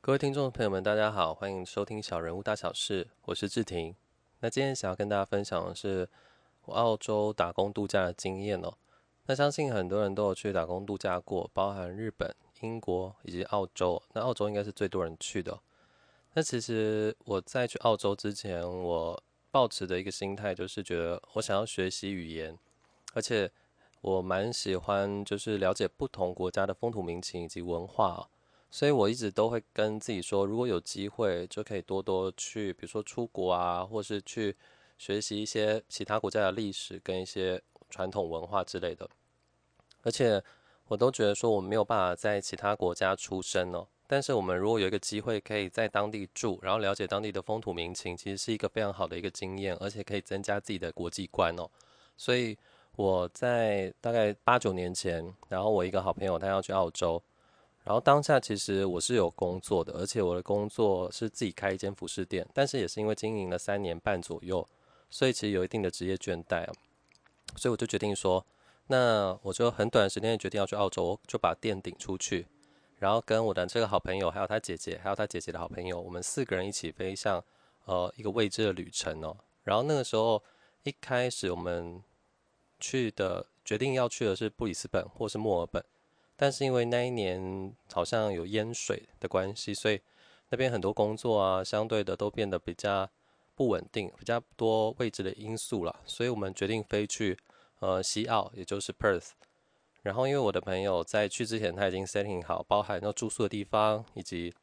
各位聽眾朋友們，大家好，歡迎收聽《小人物大小事》，我是志廷。那今天想要跟大家分享的是我澳洲打工度假的經驗哦。那相信很多人都有去打工度假過，包含日本、英國以及澳洲。那澳洲應該是最多人去的。那其實我在去澳洲之前，我抱持的一個心態就是覺得我想要學習語言，而且我蠻喜歡就是了解不同國家的風土民情以及文化哦。所以我一直都會跟自己說，如果有機會，就可以多多去，比如說出國啊，或是去學習一些其他國家的歷史跟一些傳統文化之類的。而且我都覺得說，我們沒有辦法在其他國家出生哦。但是我們如果有一個機會，可以在當地住，然後了解當地的風土民情，其實是一個非常好的一個經驗，而且可以增加自己的國際觀哦。所以我在大概八九年前，然後我一個好朋友他要去澳洲。然後當下其實我是有工作的，而且我的工作是自己開一間服飾店，但是也是因為經營了三年半左右，所以其實有一定的職業倦怠啊，所以我就決定說，那我就很短的時間內決定要去澳洲，我就把店頂出去，然後跟我的這個好朋友，還有他姐姐，還有他姐姐的好朋友，我們四個人一起飛向呃一個未知的旅程哦。然後那個時候一開始我們去的決定要去的是布里斯本或是墨爾本。但是因為那一年好像有淹水的關係，所以那邊很多工作啊，相對的都變得比較不穩定，比較多未知的因素了。所以我們決定飛去呃西澳，也就是 Perth。然後因為我的朋友在去之前他已經 setting 好包含那住宿的地方以及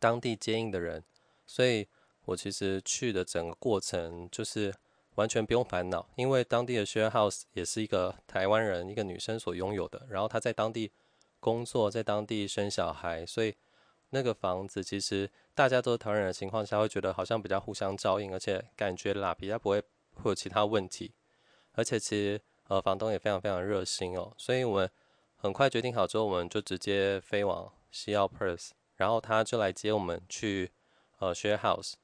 當地接應的人，所以我其實去的整個過程就是。完全不用煩惱，因為當地的 share house 也是一個台灣人，一個女生所擁有的。然後她在當地工作，在當地生小孩，所以那個房子其實大家都是台灣人的情況下，會覺得好像比較互相照應，而且感覺啦比較不會會有其他問題。而且其實呃房東也非常非常熱心哦，所以我們很快決定好之後，我們就直接飛往西澳 Perth，然後他就來接我們去呃 share house。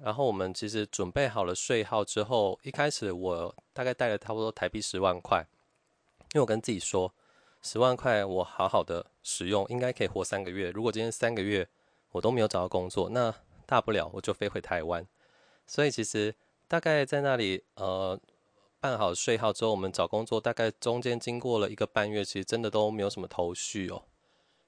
然後我們其實準備好了稅號之後，一開始我大概帶了差不多台幣十萬塊，因為我跟自己說，十萬塊我好好的使用，應該可以活三個月。如果今天三個月我都沒有找到工作，那大不了我就飛回台灣。所以其實大概在那裡呃辦好稅號之後，我們找工作大概中間經過了一個半月，其實真的都沒有什麼頭緒哦。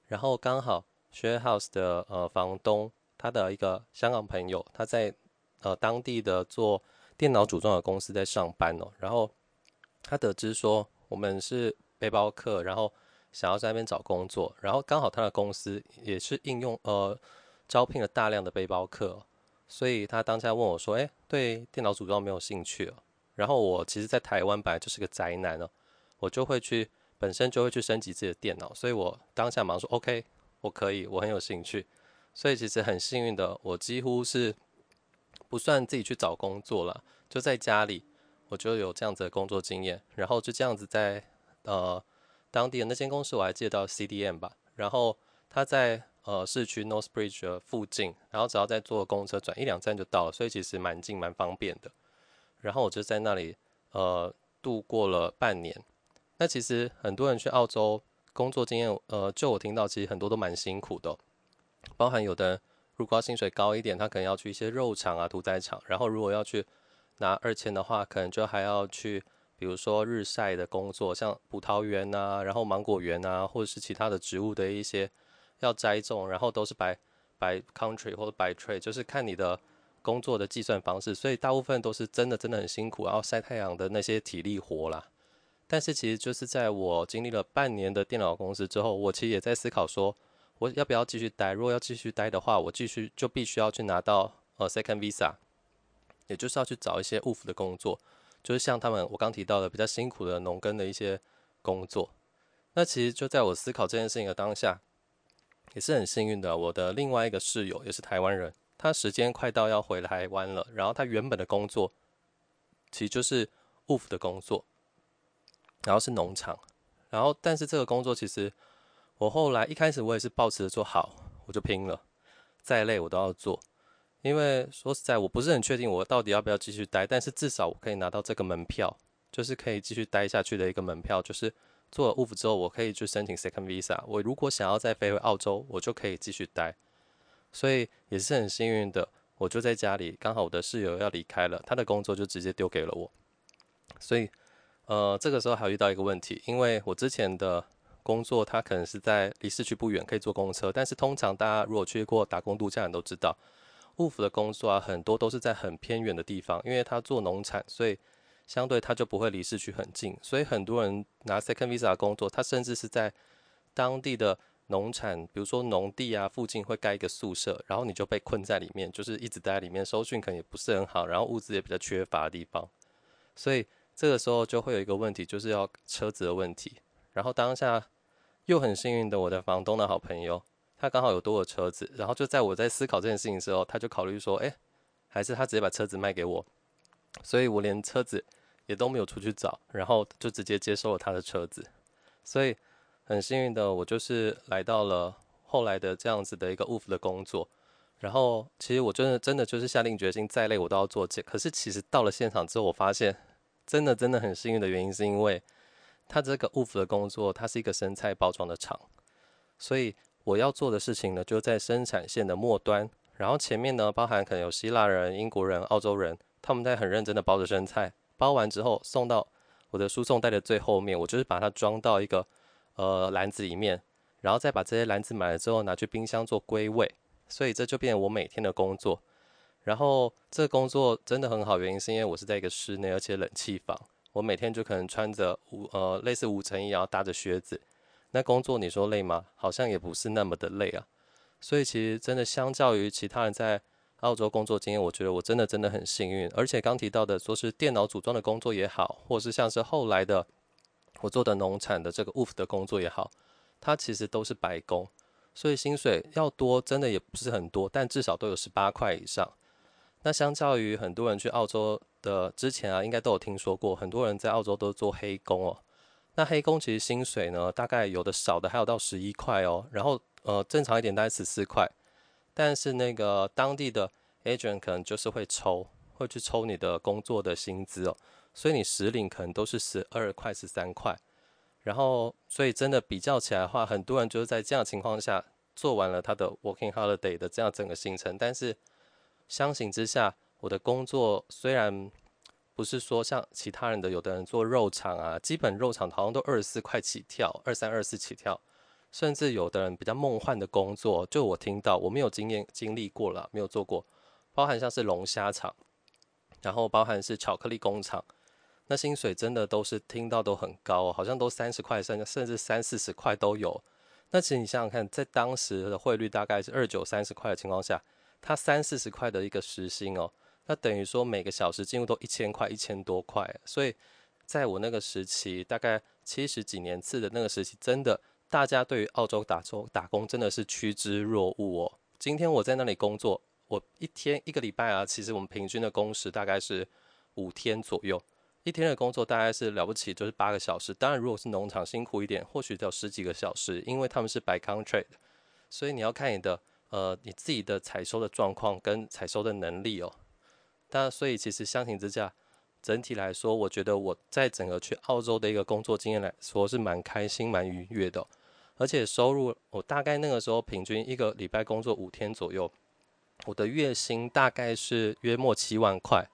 然後剛好 Share House 的呃房東他的一個香港朋友，他在呃，當地的做電腦組裝的公司在上班哦，然後他得知說我們是背包客，然後想要在那邊找工作，然後剛好他的公司也是應用呃招聘，了大量的背包客，哦，所以他當下問我說：“誒、哎，對電腦組裝沒有興趣，哦。”然後我其實，在台灣本來就是個宅男哦，我就會去本身就會去升級自己的電腦，所以我當下馬上說：“OK，我可以，我很有興趣。”所以其實很幸運的，我幾乎是。不算自己去找工作了，就在家裡，我就有這樣子的工作經驗，然後就這樣子在呃當地的那間公司，我還記得叫 CDM 吧，然後他在呃市區 Northbridge 附近，然後只要在坐公車轉一兩站就到了，所以其實蠻近蠻方便的。然後我就在那裡呃度過了半年。那其實很多人去澳洲工作經驗，呃，就我聽到其實很多都蠻辛苦的，包含有的。如果薪水高一點，他可能要去一些肉場啊、屠宰場。然後，如果要去拿二簽的話，可能就還要去，比如說日曬的工作，像葡萄園啊，然後芒果園啊，或者是其他的植物的一些要栽種，然後都是 by by country 或者 by trade，就是看你的工作的計算方式。所以，大部分都是真的真的很辛苦，然後曬太陽的那些體力活啦。但是，其實就是在我經歷了半年的電腦公司之後，我其實也在思考說。我要不要繼續待？如果要繼續待的話，我繼續就必須要去拿到呃 second visa，也就是要去找一些 woof 的工作，就是像他們我剛提到的比較辛苦的農耕的一些工作。那其實就在我思考這件事情的當下，也是很幸運的。我的另外一個室友也是台灣人，他時間快到要回台灣了，然後他原本的工作其實就是 woof 的工作，然後是農場，然後但是這個工作其實。我後來一開始我也是抱持着做好，我就拼了，再累我都要做。因為說實在，我不是很確定我到底要不要繼續待，但是至少我可以拿到這個門票，就是可以繼續待下去的一個門票。就是做了 WWOOF 之後，我可以去申請 Second Visa。我如果想要再飛回澳洲，我就可以繼續待。所以也是很幸運的，我就在家裡，剛好我的室友要離開了，他的工作就直接丟給了我。所以，呃，這個時候還遇到一個問題，因為我之前的。工作他可能是在離市區不遠，可以坐公車。但是通常大家如果去過打工度假，你都知道，務服的工作啊，很多都是在很偏遠的地方，因為他做農產，所以相對他就不會離市區很近。所以很多人拿 Second Visa 的工作，他甚至是在當地的農產，比如說農地啊附近會蓋一個宿舍，然後你就被困在裡面，就是一直待在裡面，收訊可能也不是很好，然後物資也比較缺乏的地方。所以這個時候就會有一個問題，就是要車子的問題。然後當下又很幸運的，我的房東的好朋友，他剛好有多個車子。然後就在我在思考這件事情的時候，他就考慮說：“哎，還是他直接把車子賣給我。”所以，我連車子也都沒有出去找，然後就直接接收了他的車子。所以很幸運的，我就是來到了後來的這樣子的一個 WWOOF 的工作。然後其實我真的真的就是下定決心，再累我都要做這。可是其實到了現場之後，我發現真的真的很幸運的原因是因為。它這個 WWOOF 的工作，它是一個生菜包裝的廠，所以我要做的事情呢，就在生產線的末端，然後前面呢，包含可能有希臘人、英國人、澳洲人，他們在很認真的包着生菜，包完之後送到我的輸送帶的最後面，我就是把它裝到一個呃籃子裡面，然後再把這些籃子買了之後拿去冰箱做歸位，所以這就變我每天的工作。然後這個工作真的很好，原因是因為我是在一個室內，而且冷氣房。我每天就可能穿着五，呃類似五層衣，然後搭着靴子，那工作你說累嗎？好像也不是那麼的累啊。所以其實真的相較於其他人在澳洲工作經驗，我覺得我真的真的很幸運。而且剛提到的說，是電腦組裝的工作也好，或是像是後來的我做的農產的這個務 f 的工作也好，它其實都是白工，所以薪水要多真的也不是很多，但至少都有十八塊以上。那相較於很多人去澳洲。的之前啊，應該都有聽說過，很多人在澳洲都做黑工哦。那黑工其實薪水呢，大概有的少的還有到十一塊哦，然後呃正常一點大概十四塊，但是那個當地的 agent 可能就是會抽，會去抽你的工作的薪資哦，所以你實領可能都是十二塊、十三塊，然後所以真的比較起來的話，很多人就是在這樣的情況下做完了他的 working holiday 的這樣整個行程，但是相形之下。我的工作雖然不是說像其他人的，有的人做肉廠啊，基本肉廠好像都二十四塊起跳，二三二四起跳，甚至有的人比較夢幻的工作，就我聽到我沒有經驗經歷過了，沒有做過，包含像是龍蝦廠，然後包含是巧克力工廠，那薪水真的都是聽到都很高哦，好像都三十塊，甚甚至三四十塊都有。那其實你想想看，在當時的匯率大概是二九三十塊的情況下，他三四十塊的一個時薪哦。那等於說，每個小時進入都一千塊，一千多塊。所以，在我那個時期，大概七十幾年次的那個時期，真的，大家對於澳洲打周打工真的是趨之若鶩哦。今天我在那裡工作，我一天一個禮拜啊，其實我們平均的工時大概是五天左右，一天的工作大概是了不起就是八個小時。當然，如果是農場辛苦一點，或許要十幾個小時，因為他們是 by contract，所以你要看你的呃你自己的採收的狀況跟採收的能力哦。那所以其實相形之下，整體來說，我覺得我在整個去澳洲的一個工作經驗來說是蠻開心、蠻愉悅的，而且收入，我大概那個時候平均一個禮拜工作五天左右，我的月薪大概是約莫七萬塊，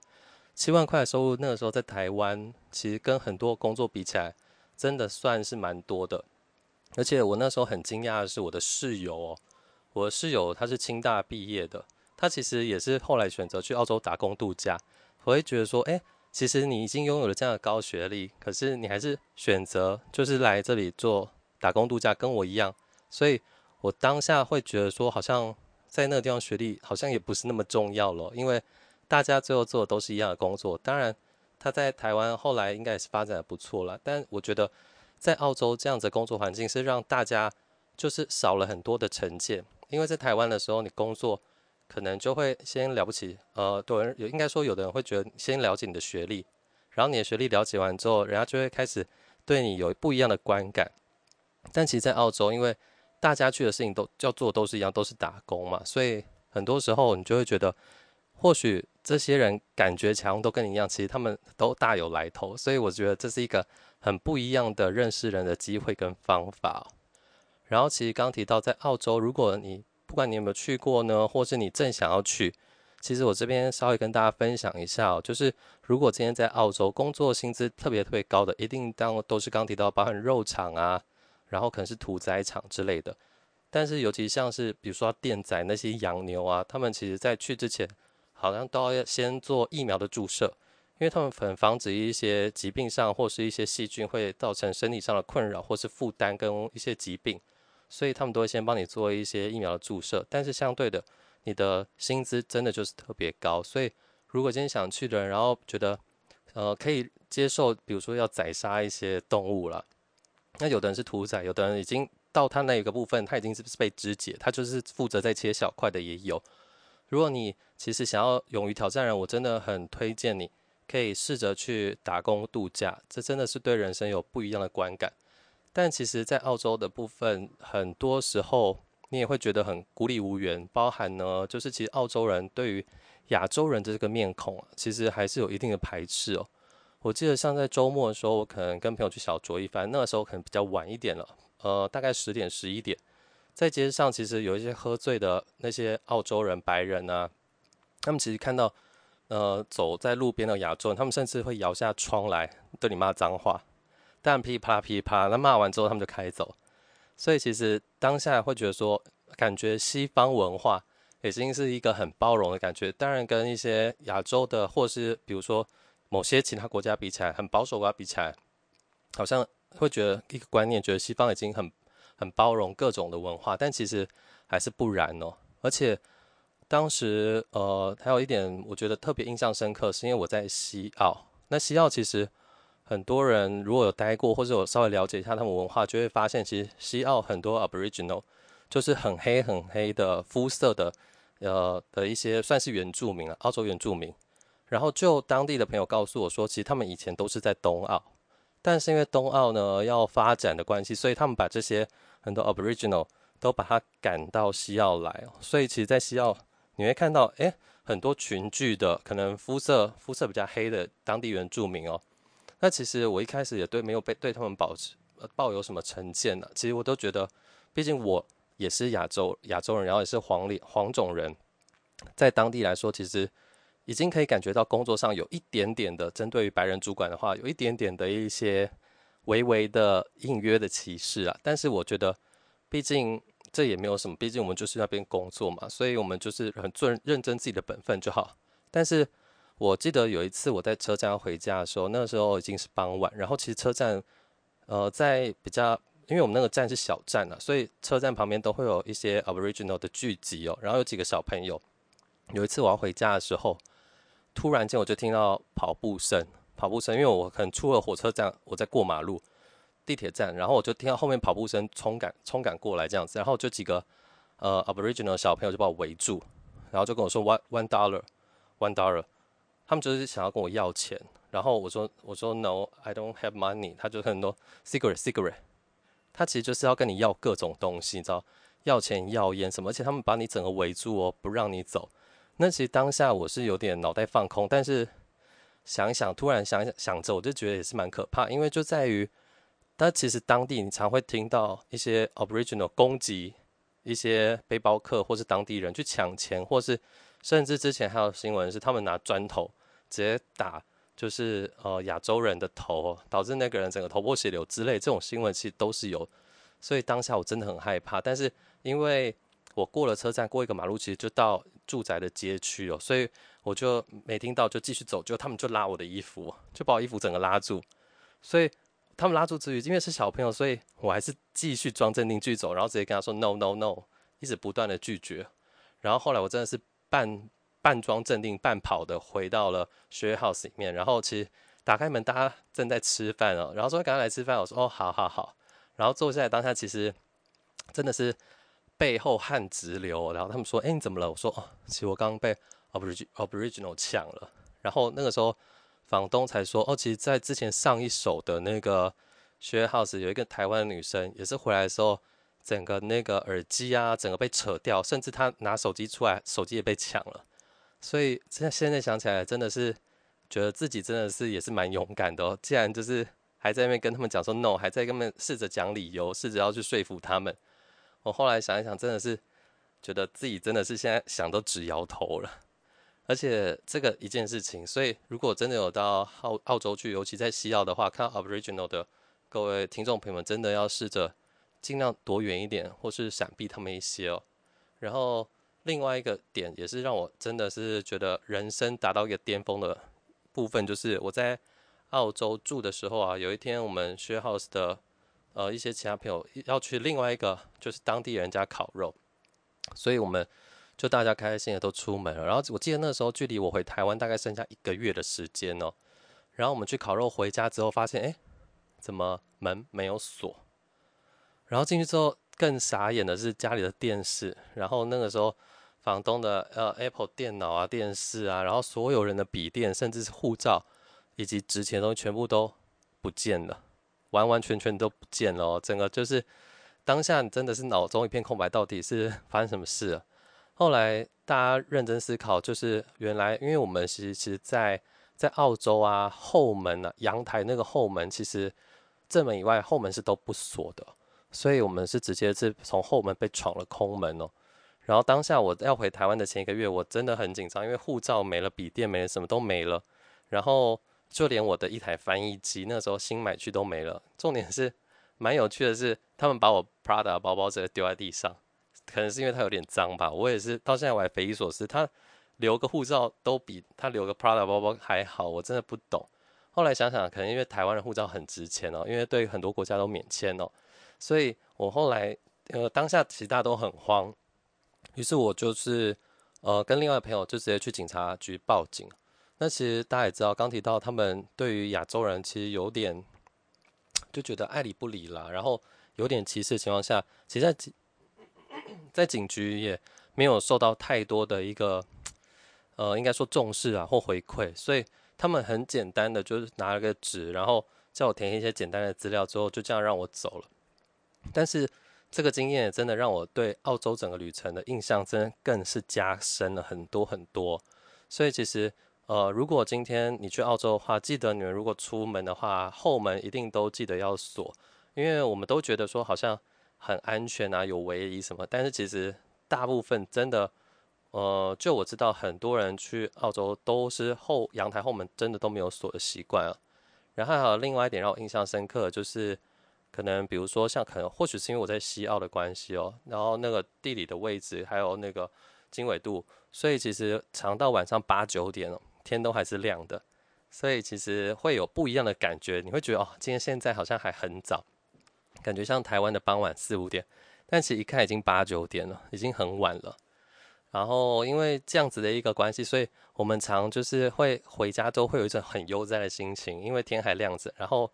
七萬塊的收入那個時候在台灣，其實跟很多工作比起來，真的算是蠻多的，而且我那時候很驚訝的是我的室友哦，我的室友他是清大畢業的。他其實也是後來選擇去澳洲打工度假。我會覺得說，哎、欸，其實你已經擁有了這樣的高學歷，可是你還是選擇就是來這裡做打工度假，跟我一樣。所以我當下會覺得說，好像在那個地方學歷好像也不是那麼重要了，因為大家最後做的都是一樣的工作。當然，他在台灣後來應該也是發展得不錯了。但我覺得，在澳洲這樣子的工作環境是讓大家就是少了很多的成見，因為在台灣的時候你工作。可能就會先了不起，呃，對，有應該說有的人會覺得先了解你的學歷，然後你的學歷了解完之後，人家就會開始對你有不一樣的觀感。但其實，在澳洲，因為大家去的事情都叫做，都是一樣，都是打工嘛，所以很多時候你就會覺得，或許這些人感覺強都跟你一樣，其實他們都大有來頭。所以我覺得這是一個很不一樣的認識人的機會跟方法。然後，其實剛提到在澳洲，如果你。不管你有沒有去過呢，或是你正想要去，其實我這邊稍微跟大家分享一下，喔，就是如果今天在澳洲工作薪資特別特別高的，一定當都是剛提到包含肉廠啊，然後可能是屠宰場之類的，但是尤其像是比如說電宰那些羊牛啊，他們其實在去之前好像都要先做疫苗的注射，因為他們很防止一些疾病上或是一些細菌會造成身體上的困擾或是負擔跟一些疾病。所以他們都會先幫你做一些疫苗的注射，但是相對的，你的薪資真的就是特別高。所以如果今天想去的人，然後覺得，呃，可以接受，比如說要宰殺一些動物了，那有的人是屠宰，有的人已經到他那一個部分，他已經是被肢解，他就是負責在切小塊的也有。如果你其實想要勇於挑戰人，我真的很推薦你可以試着去打工度假，這真的是對人生有不一樣的觀感。但其實，在澳洲的部分，很多時候你也會覺得很孤立無援，包含呢，就是其實澳洲人對於亞洲人的這個面孔，其實還是有一定的排斥哦。我記得像在周末的時候，我可能跟朋友去小酌一番，那個時候可能比較晚一點了，呃，大概十點十一點，在街上其實有一些喝醉的那些澳洲人白人啊，他們其實看到呃走在路邊的亞洲人，他們甚至會搖下窗來對你罵髒話。但噼啪噼啪，那罵完之後，他們就開走。所以其實當下會覺得說，感覺西方文化已經是一個很包容的感覺。當然，跟一些亞洲的，或是比如說某些其他國家比起來，很保守啊，比起來，好像會覺得一個觀念，覺得西方已經很很包容各種的文化。但其實還是不然哦。而且當時呃，還有一點我覺得特別印象深刻，是因為我在西澳。那西澳其實。很多人如果有待過，或者有稍微了解一下他們文化，就會發現，其實西澳很多 Aboriginal 就是很黑、很黑的膚色的，呃的一些算是原住民了、啊，澳洲原住民。然後就當地的朋友告訴我說，其實他們以前都是在東澳，但是因為東澳呢要發展的關係，所以他們把這些很多 Aboriginal 都把它趕到西澳來。所以其實，在西澳，你會看到，誒，很多群聚的，可能膚色膚色比較黑的當地原住民哦。那其實我一開始也對沒有被對他們保持呃抱有什麼成見呢？其實我都覺得，畢竟我也是亞洲亞洲人，然後也是黃裡黃種人，在當地來說，其實已經可以感覺到工作上有一點點的針對於白人主管的話，有一點點的一些微微的隱約的歧視啊。但是我覺得，畢竟這也沒有什麼，畢竟我們就是那邊工作嘛，所以我們就是很做認真自己的本分就好。但是。我記得有一次我在車站回家的時候，那時候已經是傍晚。然後其實車站，呃，在比較因為我們那個站是小站了，啊，所以車站旁邊都會有一些 Aboriginal 的聚集哦。然後有幾個小朋友，有一次我要回家的時候，突然間我就聽到跑步聲，跑步聲，因為我可能出了火車站，我在過馬路，地鐵站，然後我就聽到後面跑步聲衝趕衝趕過來這樣子，然後就幾個呃 Aboriginal 小朋友就把我圍住，然後就跟我說 One One Dollar, One Dollar。他們就是想要跟我要錢，然後我說我說 no，I don't have money，他就很多 cigarette cigarette，他其實就是要跟你要各種東西，你知道？要錢要菸什麼？而且他們把你整個圍住哦，不讓你走。那其實當下我是有點腦袋放空，但是想一想，突然想一想想着，我就覺得也是蠻可怕，因為就在於，但其實當地你常會聽到一些 Aboriginal 攻擊一些背包客或是當地人去搶錢，或是甚至之前還有新聞是他們拿磚頭。直接打就是呃亞洲人的頭，導致那個人整個頭破血流之類，這種新聞其實都是有，所以當下我真的很害怕。但是因為我過了車站，過一個馬路其實就到住宅的街區哦，所以我就沒聽到，就繼續走。就他們就拉我的衣服，就把我衣服整個拉住。所以他們拉住之餘，因為是小朋友，所以我還是繼續裝鎮定去走，然後直接跟他說 no no no，一直不斷的拒絕。然後後來我真的是半。半裝鎮定，半跑的回到了 share house 裡面。然後其實打開門，大家正在吃飯哦。然後說趕快來吃飯，我說哦，好好好。然後坐下來當下，其實真的是背後汗直流哦。然後他們說，哎，你怎麼了？我說哦，其實我剛，剛被哦不是哦不是 aboriginal 搶了。然後那個時候房東才說，哦，其實，在之前上一手的那個 share house 有一個台灣的女生，也是回來的時候，整個那個耳機啊，整個被扯掉，甚至她拿手機出來，手機也被搶了。所以現在現在想起來，真的是覺得自己真的是也是蠻勇敢的哦。既然就是還在那邊跟他們講說 no，還在跟他們試着講理由，試着要去說服他們。我後來想一想，真的是覺得自己真的是現在想都直搖頭了。而且這個一件事情，所以如果真的有到澳澳洲去，尤其在西澳的話，看到 Aboriginal 的各位聽眾朋友們，真的要試着盡量躲遠一點，或是閃避他們一些哦。然後。另外一個點也是讓我真的是覺得人生達到一個巔峰的部分，就是我在澳洲住的時候啊，有一天我們 share house 的呃一些其他朋友要去另外一個就是當地人家烤肉，所以我們就大家開開心心的都出門了。然後我記得那時候距離我回台灣大概剩下一個月的時間哦。然後我們去烤肉回家之後，發現哎、欸、怎麼門沒有鎖？然後進去之後更傻眼的是家裡的電視。然後那個時候。房東的呃 Apple 電腦啊、電視啊，然後所有人的筆電，甚至是護照以及值錢東西，全部都不見了，完完全全都不見了哦，整個就是當下你真的是腦中一片空白，到底是發生什麼事了？後來大家認真思考，就是原來因為我們其實是在在澳洲啊後門呢，啊，陽台那個後門其實正門以外後門是都不鎖的，所以我們是直接是從後門被闖了空門哦。然後當下我要回台灣的前一個月，我真的很緊張，因為護照沒了，筆電沒了，什麼都沒了。然後就連我的一台翻譯機，那時候新買去都沒了。重點是，蠻有趣的是，他們把我 Prada 的包包直接丟在地上，可能是因為它有點髒吧。我也是到現在我還匪夷所思，他留個護照都比他留個 Prada 的包包還好，我真的不懂。後來想想，可能因為台灣的護照很值錢哦，因為對很多國家都免簽哦，所以我後來呃當下其他都很慌。於是我就是，呃，跟另外一朋友就直接去警察局報警。那其實大家也知道，剛提到他們對於亞洲人其實有點就覺得愛理不理啦，然後有點歧視的情況下，其實在在警局也沒有受到太多的一個呃，應該說重視啊或回饋，所以他們很簡單的就是拿了個紙，然後叫我填一些簡單的資料之後，就這樣讓我走了。但是。這個經驗也真的讓我對澳洲整個旅程的印象，真的更是加深了很多很多。所以其實，呃，如果今天你去澳洲的話，記得你們如果出門的話，後門一定都記得要鎖，因為我們都覺得說好像很安全啊，有圍籬什麼，但是其實大部分真的，呃，就我知道很多人去澳洲都是後陽台後門真的都沒有鎖的習慣啊。然後還有另外一點讓我印象深刻就是。可能比如說像可能或許是因為我在西澳的關係哦，然後那個地理的位置還有那個經緯度，所以其實長到晚上八九點哦，天都還是亮的，所以其實會有不一樣的感覺，你會覺得哦，今天現在好像還很早，感覺像台灣的傍晚四五點，但其實一看已經八九點了，已經很晚了。然後因為這樣子的一個關係，所以我們常就是會回家都會有一種很悠哉的心情，因為天還亮着，然後。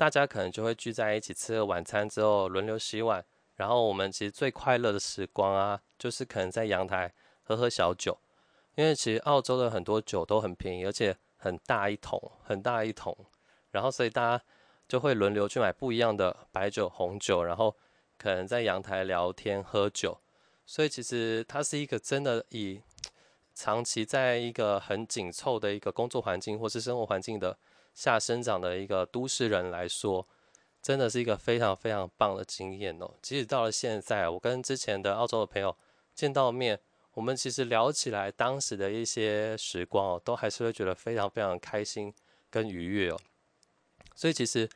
大家可能就會聚在一起吃個晚餐之後，輪流洗碗。然後我們其實最快樂的時光啊，就是可能在陽台喝喝小酒，因為其實澳洲的很多酒都很便宜，而且很大一桶，很大一桶。然後所以大家就會輪流去買不一樣的白酒、紅酒，然後可能在陽台聊天、喝酒。所以其實它是一個真的以長期在一個很緊湊的一個工作環境或是生活環境的。下生長的一個都市人來說，真的是一個非常非常棒的經驗哦。即使到了現在，我跟之前的澳洲的朋友見到面，我們其實聊起來當時的一些時光哦，都還是會覺得非常非常開心跟愉悅哦。所以其實，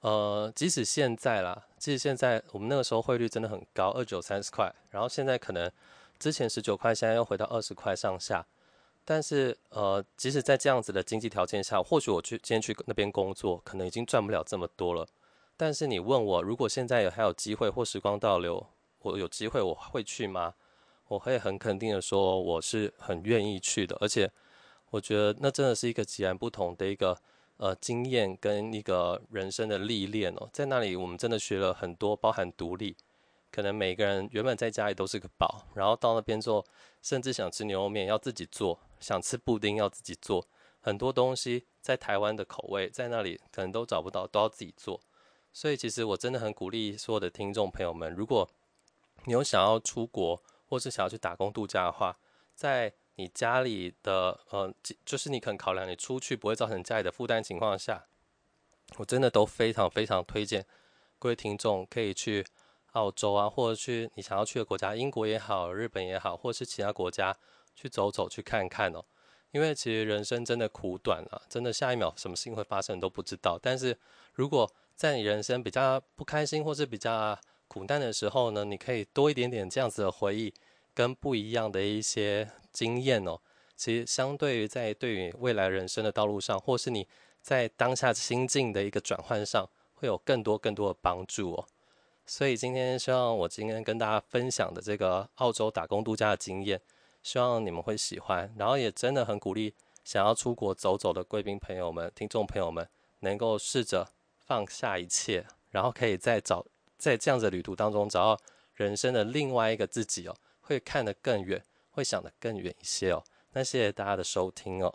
呃，即使現在啦，即使現在我們那個時候匯率真的很高，二九三十塊，然後現在可能之前十九塊，現在又回到二十塊上下。但是，呃，即使在這樣子的經濟條件下，或許我去今天去那邊工作，可能已經賺不了這麼多了。但是你問我，如果現在有還有機會，或時光倒流，我有機會我會去嗎？我會很肯定的說，我是很願意去的。而且，我覺得那真的是一個截然不同的一個呃經驗跟一個人生的歷練哦。在那裡，我們真的學了很多，包含獨立。可能每個人原本在家裡都是個寶，然後到那邊之後，甚至想吃牛肉麵，要自己做。想吃布丁要自己做，很多東西在台灣的口味在那裡可能都找不到，都要自己做。所以其實我真的很鼓勵所有的聽眾朋友們，如果你有想要出國或是想要去打工度假的話，在你家裡的呃，就是你肯考量你出去不會造成家裡的負擔情況下，我真的都非常非常推薦各位聽眾可以去澳洲啊，或者去你想要去的國家，英國也好，日本也好，或是其他國家。去走走，去看看哦。因為其實人生真的苦短啊，真的下一秒什麼事情會發生都不知道。但是，如果在你人生比較不開心或是比較苦難的時候呢，你可以多一點點這樣子的回憶，跟不一樣的一些經驗哦。其實相對於在對於未來人生的道路上，或是你在當下心境的一個轉換上，會有更多更多的幫助哦。所以今天希望我今天跟大家分享的這個澳洲打工度假的經驗，希望你們會喜歡，然後也真的很鼓勵想要出國走走的貴賓朋友們、聽眾朋友們，能夠試着放下一切，然後可以在找在這樣的旅途當中找到人生的另外一個自己哦，會看得更遠，會想得更遠一些哦。那謝謝大家的收聽哦。